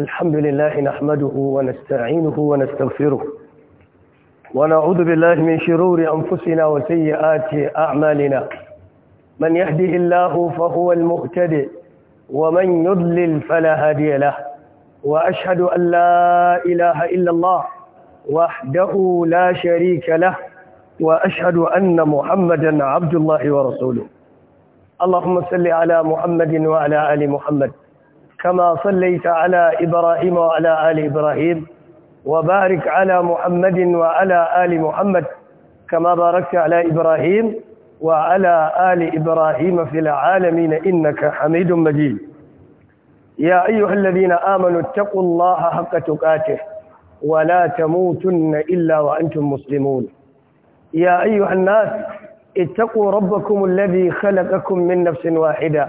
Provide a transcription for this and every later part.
الحمد لله نحمده ونستعينه ونستغفره ونعوذ بالله من شرور أنفسنا وسيئات أعمالنا من يهده الله فهو المهتدي ومن يضلل فلا هادي له وأشهد أن لا إله إلا الله وحده لا شريك له وأشهد أن محمدا عبد الله ورسوله اللهم صل على محمد وعلى آل محمد كما صليت على إبراهيم وعلى آل إبراهيم وبارك على محمد وعلى آل محمد كما باركت على إبراهيم وعلى آل إبراهيم في العالمين إنك حميد مجيد يا أيها الذين آمنوا اتقوا الله حق تقاته ولا تموتن إلا وأنتم مسلمون يا أيها الناس اتقوا ربكم الذي خلقكم من نفس واحدة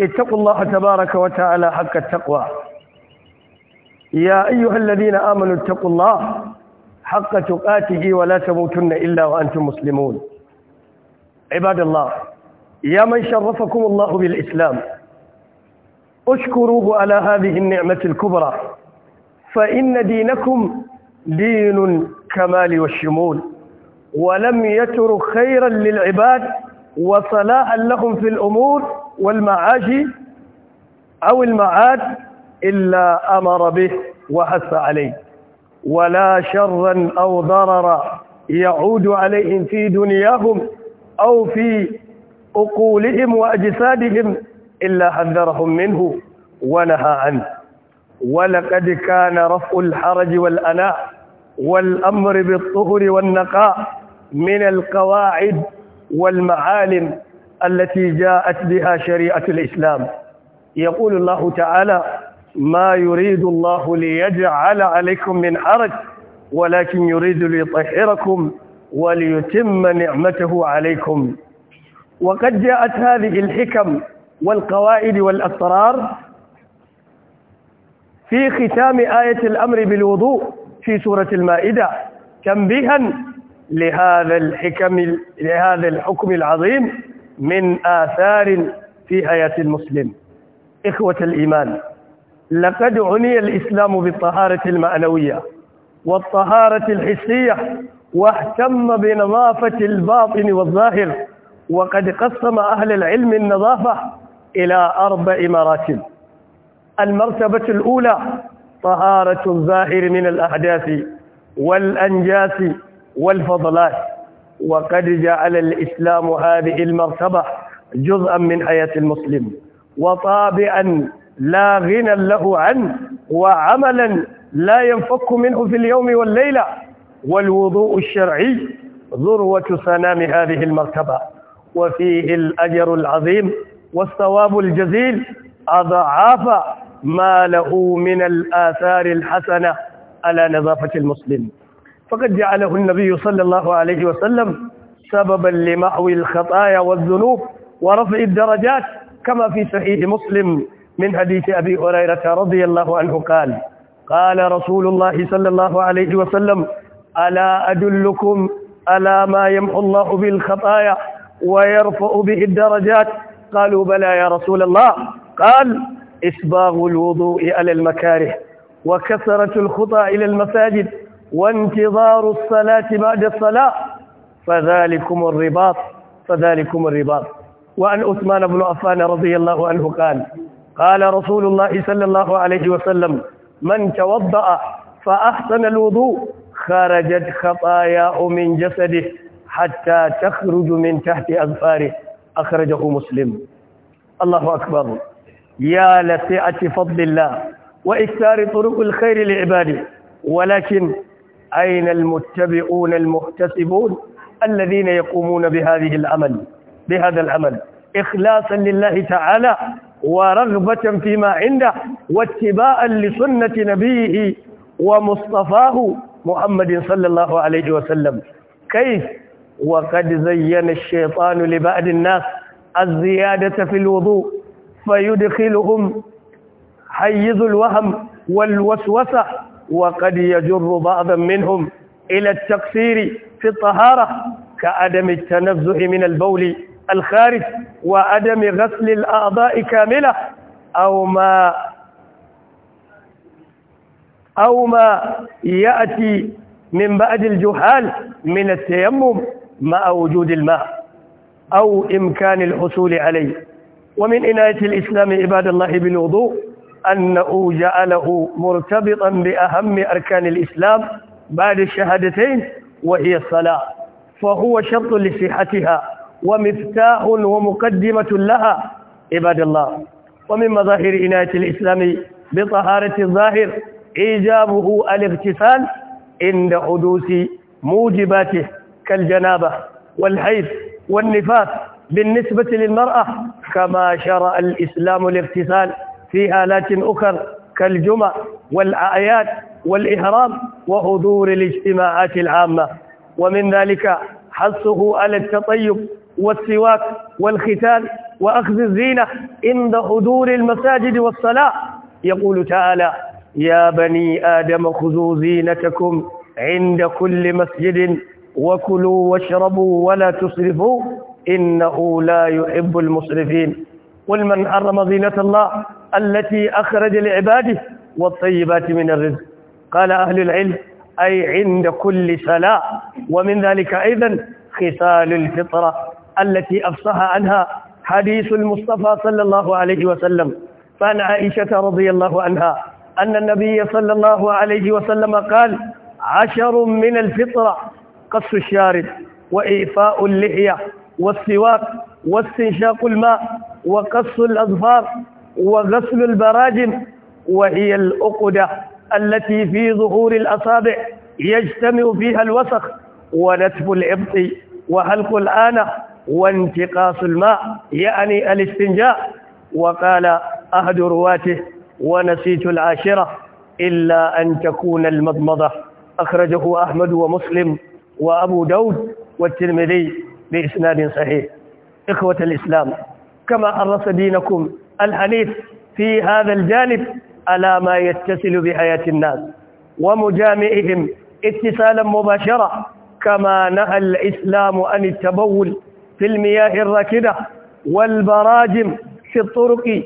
اتقوا الله تبارك وتعالى حق التقوى يا أيها الذين آمنوا اتقوا الله حق تقاته ولا تموتن إلا وأنتم مسلمون عباد الله يا من شرفكم الله بالإسلام اشكروه على هذه النعمة الكبرى فإن دينكم دين الكمال والشمول ولم يترك خيرا للعباد وصلاحا لهم في الأمور والمعاشي أو المعاد إلا أمر به وحث عليه ولا شرا أو ضررا يعود عليهم في دنياهم أو في عقولهم وأجسادهم إلا حذرهم منه ونهى عنه ولقد كان رفع الحرج والأناء والأمر بالطهر والنقاء من القواعد والمعالم التي جاءت بها شريعة الإسلام يقول الله تعالى ما يريد الله ليجعل عليكم من حرج ولكن يريد ليطهركم وليتم نعمته عليكم وقد جاءت هذه الحكم والقواعد والأسرار في ختام آية الأمر بالوضوء في سورة المائدة تنبيها لهذا الحكم لهذا الحكم العظيم من آثار في حياة المسلم إخوة الإيمان لقد عني الإسلام بالطهارة المعنوية والطهارة الحسية واهتم بنظافة الباطن والظاهر وقد قسم أهل العلم النظافة إلى أربع مراتب المرتبة الأولى طهارة الظاهر من الأحداث والأنجاس والفضلات وقد جعل الإسلام هذه المرتبة جزءا من حياة المسلم وطابعا لا غنى له عنه وعملا لا ينفك منه في اليوم والليلة والوضوء الشرعي ذروة سنام هذه المرتبة وفيه الأجر العظيم والثواب الجزيل أضعاف ما له من الآثار الحسنة على نظافة المسلم فقد جعله النبي صلى الله عليه وسلم سببا لمحو الخطايا والذنوب ورفع الدرجات كما في صحيح مسلم من حديث أبي هريرة رضي الله عنه قال قال رسول الله صلى الله عليه وسلم ألا أدلكم ألا ما يمحو الله بالخطايا ويرفع به الدرجات قالوا بلى يا رسول الله قال إسباغ الوضوء على المكاره وكثرة الخطى إلى المساجد وانتظار الصلاة بعد الصلاة فذلكم الرباط فذلكم الرباط وعن عثمان بن عفان رضي الله عنه قال قال رسول الله صلى الله عليه وسلم من توضأ فأحسن الوضوء خرجت خطاياه من جسده حتى تخرج من تحت أظفاره أخرجه مسلم الله أكبر يا لسعة فضل الله وإكثار طرق الخير لعباده ولكن أين المتبعون المحتسبون الذين يقومون بهذه العمل بهذا العمل إخلاصا لله تعالى ورغبة فيما عنده واتباعا لسنة نبيه ومصطفاه محمد صلى الله عليه وسلم كيف وقد زين الشيطان لبعض الناس الزيادة في الوضوء فيدخلهم حيز الوهم والوسوسة وقد يجر بعضا منهم إلى التقصير في الطهارة كعدم التنزه من البول الخارج وعدم غسل الأعضاء كاملة أو ما أو ما يأتي من بعد الجهال من التيمم مع وجود الماء أو إمكان الحصول عليه ومن إناية الإسلام عباد الله بالوضوء أنه جعله مرتبطا بأهم أركان الإسلام بعد الشهادتين وهي الصلاة فهو شرط لصحتها ومفتاح ومقدمة لها عباد الله ومن مظاهر عناية الإسلام بطهارة الظاهر إيجابه الاغتسال عند حدوث موجباته كالجنابة والحيض والنفاس بالنسبة للمرأة كما شرع الإسلام الاغتسال في آلات أخرى كالجمع والآيات والإهرام وحضور الاجتماعات العامة ومن ذلك حثه على التطيب والسواك والختان وأخذ الزينة عند حضور المساجد والصلاة يقول تعالى يا بني آدم خذوا زينتكم عند كل مسجد وكلوا واشربوا ولا تسرفوا إنه لا يحب المسرفين قل من حرم زينة الله التي أخرج لعباده والطيبات من الرزق قال أهل العلم أي عند كل صلاة ومن ذلك أيضا خصال الفطرة التي أفصح عنها حديث المصطفى صلى الله عليه وسلم فأن عائشة رضي الله عنها أن النبي صلى الله عليه وسلم قال عشر من الفطرة قص الشارب وإيفاء اللحية والسواك واستنشاق الماء وقص الأظفار وغسل البراجم وهي الأقدة التي في ظهور الأصابع يجتمع فيها الوسخ ونتف الإبط وحلق الآنة وانتقاص الماء يعني الاستنجاء وقال أحد رواته ونسيت العاشرة إلا أن تكون المضمضة أخرجه أحمد ومسلم وأبو داود والترمذي بإسناد صحيح إخوة الإسلام كما أرس دينكم الحديث في هذا الجانب على ما يتصل بحياة الناس ومجامعهم اتصالا مباشرة كما نهى الإسلام عن التبول في المياه الراكدة والبراجم في الطرق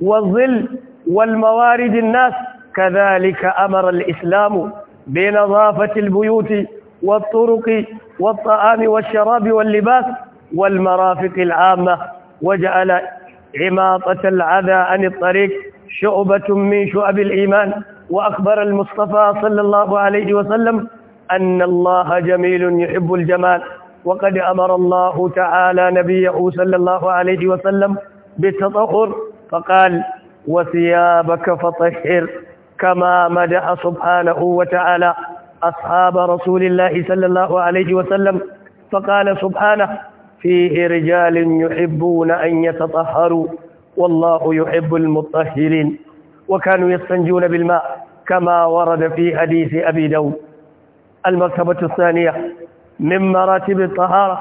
والظل والموارد الناس كذلك أمر الإسلام بنظافة البيوت والطرق والطعام والشراب واللباس والمرافق العامة وجعل عماطة العذا عن الطريق شعبة من شعب الإيمان وأخبر المصطفى صلى الله عليه وسلم أن الله جميل يحب الجمال وقد أمر الله تعالى نبيه صلى الله عليه وسلم بالتطهر فقال وثيابك فطهر كما مدح سبحانه وتعالى أصحاب رسول الله صلى الله عليه وسلم فقال سبحانه فيه رجال يحبون أن يتطهروا والله يحب المطهرين وكانوا يستنجون بالماء كما ورد في حديث أبي داود المرتبة الثانية من مراتب الطهارة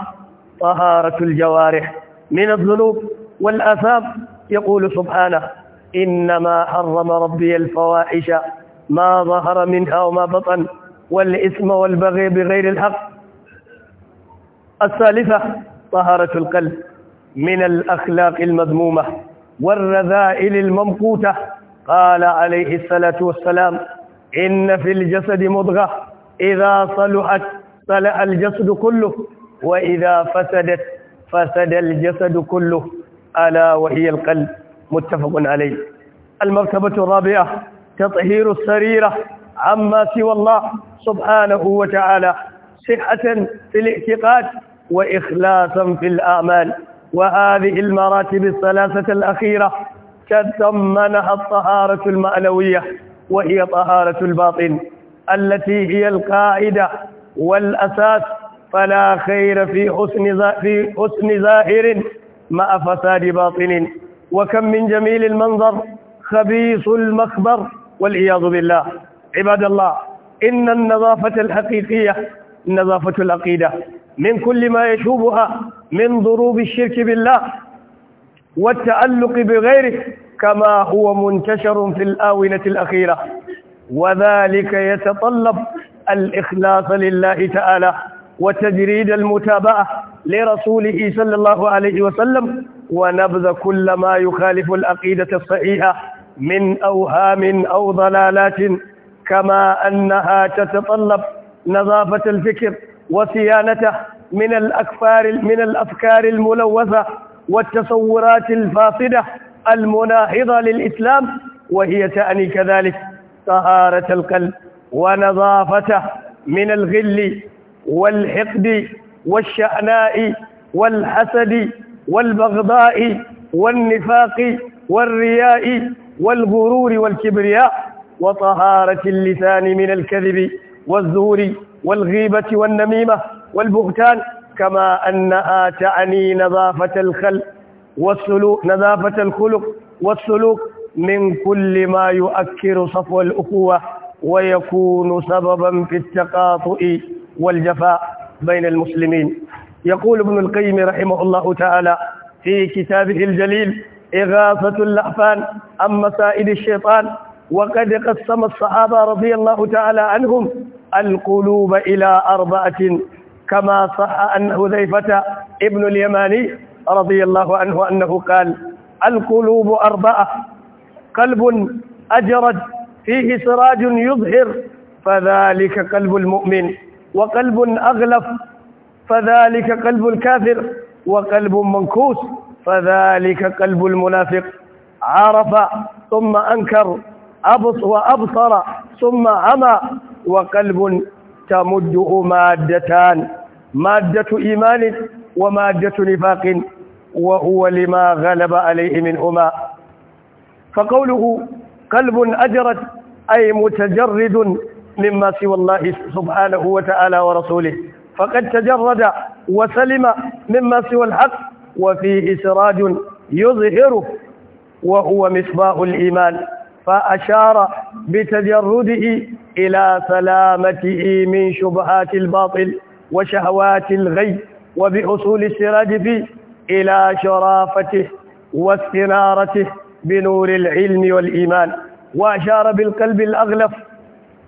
طهارة الجوارح من الذنوب والآثام يقول سبحانه إنما حرم ربي الفواحش ما ظهر منها وما بطن والإثم والبغي بغير الحق الثالثة طهرة القلب من الأخلاق المذمومة والرذائل الممقوتة قال عليه الصلاة والسلام إن في الجسد مضغة إذا صلحت صلح الجسد كله وإذا فسدت فسد الجسد كله ألا وهي القلب متفق عليه المرتبة الرابعة تطهير السريرة عما سوى الله سبحانه وتعالى صحة في الاعتقاد وإخلاصا في الأعمال وهذه المراتب الثلاثة الأخيرة تتمنها الطهارة المعنوية وهي طهارة الباطن التي هي القاعدة والأساس فلا خير في حسن في حسن ظاهر مع فساد باطن وكم من جميل المنظر خبيث المخبر والعياذ بالله عباد الله إن النظافة الحقيقية نظافة العقيدة من كل ما يشوبها من ضروب الشرك بالله والتألق بغيره كما هو منتشر في الآونة الأخيرة وذلك يتطلب الإخلاص لله تعالى وتجريد المتابعة لرسوله صلى الله عليه وسلم ونبذ كل ما يخالف العقيدة الصحيحة من أوهام أو ضلالات كما أنها تتطلب نظافة الفكر وصيانته من الأكفار من الأفكار الملوثة والتصورات الفاسدة المناهضة للإسلام وهي تعني كذلك طهارة القلب ونظافته من الغل والحقد والشأناء والحسد والبغضاء والنفاق والرياء والغرور والكبرياء وطهارة اللسان من الكذب والزور والغيبة والنميمة والبهتان كما أن آتعني نظافة الخلق والسلوك نظافة الخلق والسلوك من كل ما يؤكر صفو الأخوة ويكون سببا في التقاطؤ والجفاء بين المسلمين يقول ابن القيم رحمه الله تعالى في كتابه الجليل إغاثة اللأفان عن مسائل الشيطان وقد قسم الصحابة رضي الله تعالى عنهم القلوب إلى أربعة كما صح أن حذيفة ابن اليماني رضي الله عنه أنه قال القلوب أربعة قلب أجرد فيه سراج يظهر فذلك قلب المؤمن وقلب أغلف فذلك قلب الكافر وقلب منكوس فذلك قلب المنافق عرف ثم أنكر أبص وأبصر ثم عمى وقلب تمده مادتان مادة إيمان ومادة نفاق وهو لما غلب عليه منهما فقوله قلب أجرت أي متجرد مما سوى الله سبحانه وتعالى ورسوله فقد تجرد وسلم مما سوى الحق وفيه سراج يظهره وهو مصباح الإيمان فأشار بتجرده إلى سلامته من شبهات الباطل وشهوات الغي وبأصول السراج فيه إلى شرافته واستنارته بنور العلم والإيمان وأشار بالقلب الأغلف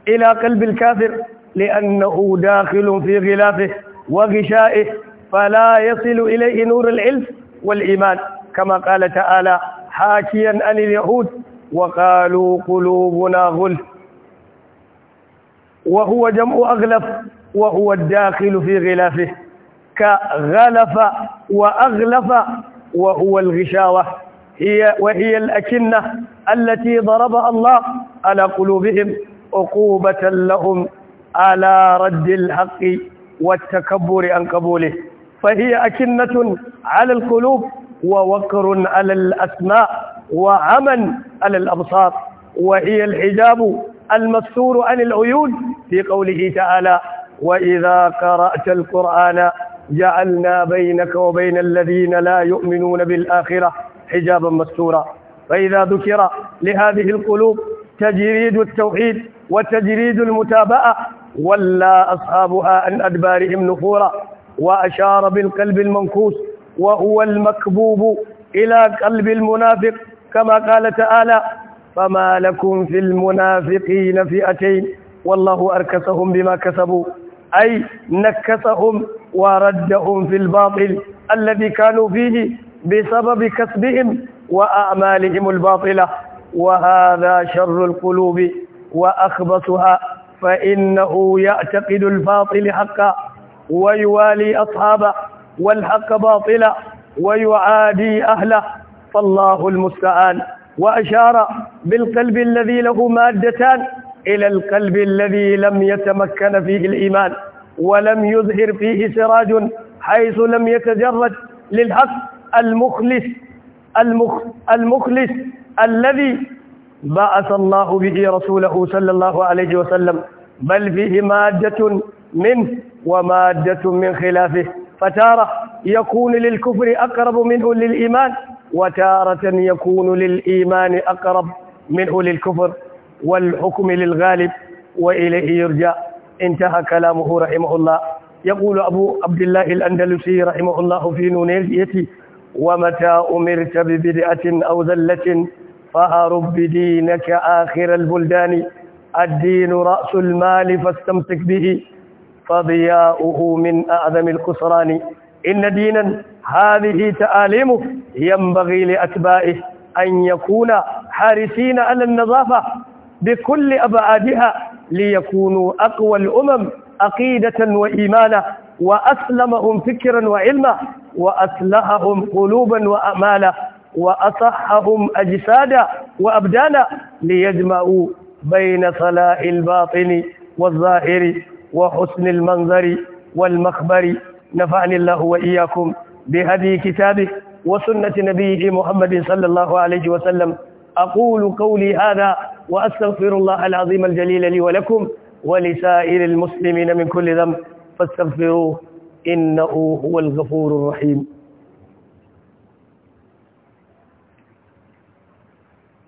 إلى قلب الكافر لأنه داخل في غلافه وغشائه فلا يصل إليه نور العلم والإيمان كما قال تعالى حاكيا عن اليهود وقالوا قلوبنا غلف وهو جمع أغلف وهو الداخل في غلافه كغلف وأغلف وهو الغشاوة هي وهي الأكنة التي ضربها الله على قلوبهم عقوبة لهم على رد الحق والتكبر عن قبوله فهي أكنة على القلوب ووقر على الأسماء وعمى على الأبصار وهي الحجاب المستور عن العيون في قوله تعالى وإذا قرأت القرآن جعلنا بينك وبين الذين لا يؤمنون بالآخرة حجابا مستورا فإذا ذكر لهذه القلوب تجريد التوحيد وتجريد المتابعة ولى أصحابها عن أدبارهم نفورا وأشار بالقلب المنكوس وهو المكبوب إلى قلب المنافق كما قال تعالى فما لكم في المنافقين فئتين والله أركسهم بما كسبوا أي نكسهم وردهم في الباطل الذي كانوا فيه بسبب كسبهم وأعمالهم الباطلة وهذا شر القلوب وأخبثها فإنه يعتقد الباطل حقا ويوالي أصحابه والحق باطلا ويعادي أهله فالله المستعان وأشار بالقلب الذي له مادتان إلى القلب الذي لم يتمكن فيه الإيمان ولم يظهر فيه سراج حيث لم يتجرد للحق المخلص المخ المخلص الذي بعث الله به رسوله صلى الله عليه وسلم بل فيه مادة منه ومادة من خلافه فتارة يكون للكفر أقرب منه للإيمان وتارة يكون للإيمان أقرب منه للكفر والحكم للغالب وإليه يرجع انتهى كلامه رحمه الله يقول أبو عبد الله الأندلسي رحمه الله في نونيزيتي ومتى أمرت ببدعة أو ذلة فأرب بدينك آخر البلدان الدين رأس المال فاستمسك به فضياؤه من أعظم الخسران إن دينا هذه تعاليمه ينبغي لأتباعه أن يكون حارسين على النظافة بكل أبعادها ليكونوا أقوى الأمم عقيدة وإيمانا وأسلمهم فكرا وعلما وأسلههم قلوبا وأمالا وأصحهم أجسادا وأبدانا ليجمعوا بين صلاء الباطن والظاهر وحسن المنظر والمخبر نفعني الله وإياكم بهدي كتابه وسنة نبيه محمد صلى الله عليه وسلم أقول قولي هذا وأستغفر الله العظيم الجليل لي ولكم ولسائر المسلمين من كل ذنب فاستغفروه إنه هو الغفور الرحيم